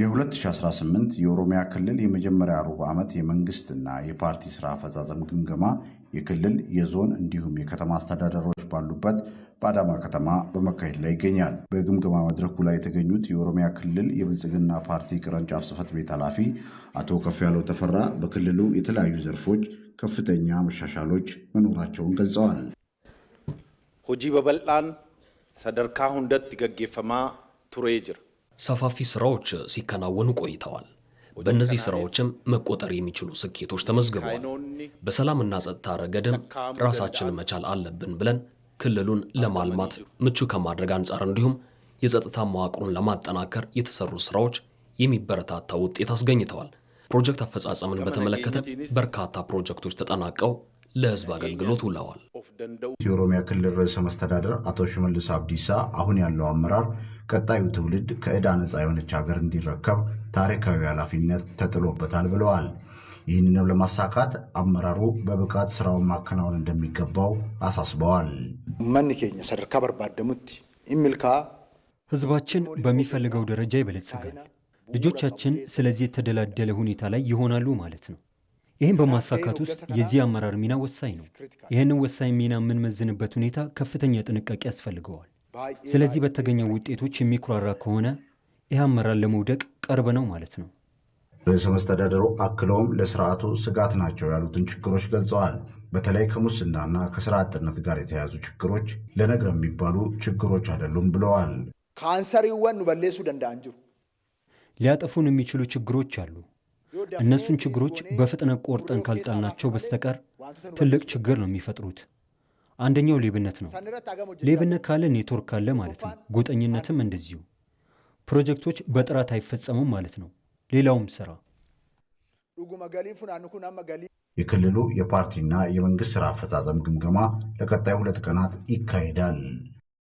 የ2018 የኦሮሚያ ክልል የመጀመሪያ ሩብ ዓመት የመንግስትና የፓርቲ ስራ አፈጻጸም ግምገማ የክልል የዞን እንዲሁም የከተማ አስተዳደሮች ባሉበት በአዳማ ከተማ በመካሄድ ላይ ይገኛል። በግምገማ መድረኩ ላይ የተገኙት የኦሮሚያ ክልል የብልጽግና ፓርቲ ቅርንጫፍ ጽህፈት ቤት ኃላፊ አቶ ያለው ተፈራ በክልሉ የተለያዩ ዘርፎች ከፍተኛ መሻሻሎች መኖራቸውን ገልጸዋል። ሁጂ በበልጣን ሰደርካ ሁንደት ገጌፈማ ቱሬ ጅር ሰፋፊ ስራዎች ሲከናወኑ ቆይተዋል። በእነዚህ ስራዎችም መቆጠር የሚችሉ ስኬቶች ተመዝግበዋል። በሰላምና ጸጥታ ረገድም ራሳችን መቻል አለብን ብለን ክልሉን ለማልማት ምቹ ከማድረግ አንጻር እንዲሁም የጸጥታ መዋቅሩን ለማጠናከር የተሰሩ ስራዎች የሚበረታታ ውጤት አስገኝተዋል። ፕሮጀክት አፈጻጸምን በተመለከተ በርካታ ፕሮጀክቶች ተጠናቀው ለህዝብ አገልግሎት ውለዋል። የኦሮሚያ ክልል ርዕሰ መስተዳደር አቶ ሽመልስ አብዲሳ አሁን ያለው አመራር ቀጣዩ ትውልድ ከዕዳ ነፃ የሆነች ሀገር እንዲረከብ ታሪካዊ ኃላፊነት ተጥሎበታል ብለዋል። ይህንንም ለማሳካት አመራሩ በብቃት ስራውን ማከናወን እንደሚገባው አሳስበዋል። መን ኬኛ ሰደርካ በርባደሙት ሚልካ ህዝባችን በሚፈልገው ደረጃ ይበለጽጋል፣ ልጆቻችን ስለዚህ የተደላደለ ሁኔታ ላይ ይሆናሉ ማለት ነው። ይህን በማሳካት ውስጥ የዚህ አመራር ሚና ወሳኝ ነው። ይህንን ወሳኝ ሚና የምንመዝንበት ሁኔታ ከፍተኛ ጥንቃቄ ያስፈልገዋል። ስለዚህ በተገኘው ውጤቶች የሚኩራራ ከሆነ ይህ አመራር ለመውደቅ ቅርብ ነው ማለት ነው። ርዕሰ መስተዳደሩ አክለውም ለስርዓቱ ስጋት ናቸው ያሉትን ችግሮች ገልጸዋል። በተለይ ከሙስናና ከስራ አጥነት ጋር የተያያዙ ችግሮች ለነገ የሚባሉ ችግሮች አይደሉም ብለዋል። ካንሰር ይወኑ በሌሱ ደንዳ ሊያጠፉን የሚችሉ ችግሮች አሉ። እነሱን ችግሮች በፍጥነት ቆርጠን ካልጣልናቸው በስተቀር ትልቅ ችግር ነው የሚፈጥሩት። አንደኛው ሌብነት ነው። ሌብነት ካለ ኔትወርክ ካለ ማለት ነው። ጎጠኝነትም እንደዚሁ። ፕሮጀክቶች በጥራት አይፈጸሙም ማለት ነው። ሌላውም ስራ የክልሉ የፓርቲና የመንግስት ስራ አፈጻጸም ግምገማ ለቀጣይ ሁለት ቀናት ይካሄዳል።